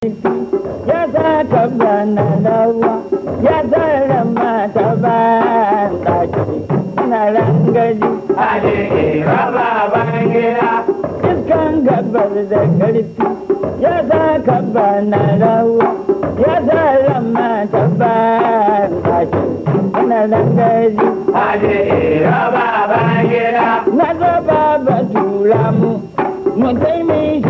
ya za ka ya zara mata ba na rangaji raba da ƙarfi ya za ka bana rawa ya zara mata ba ɗaki na rangaji ale raba na zo ba tura mu mu taimi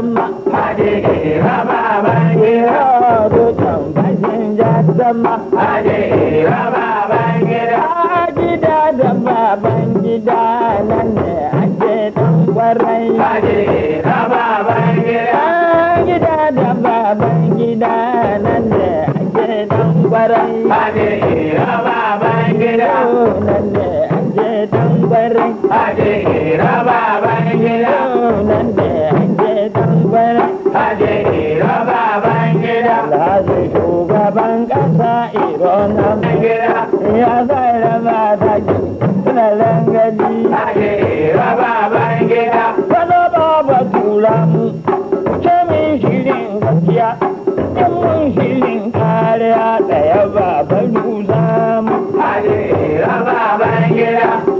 sama hadege raba bange do tan bashin ja sama hadege raba bange gida da baban da, nan ne ake dan kwarai hadege raba bange gida da baban da, nan ne ake dan kwarai hadege oh, raba bange nan ne ake dan kwarai hadege oh, raba bange nan ne tambara haje iro baban gida alhaji shugaban kasa iro na gida ya zai raba da ki suna langaji haje iro baban gida fado baba tura mu ce min shirin gaskiya in mun shirin kariya da yaba ba duza mu haje iro baban gida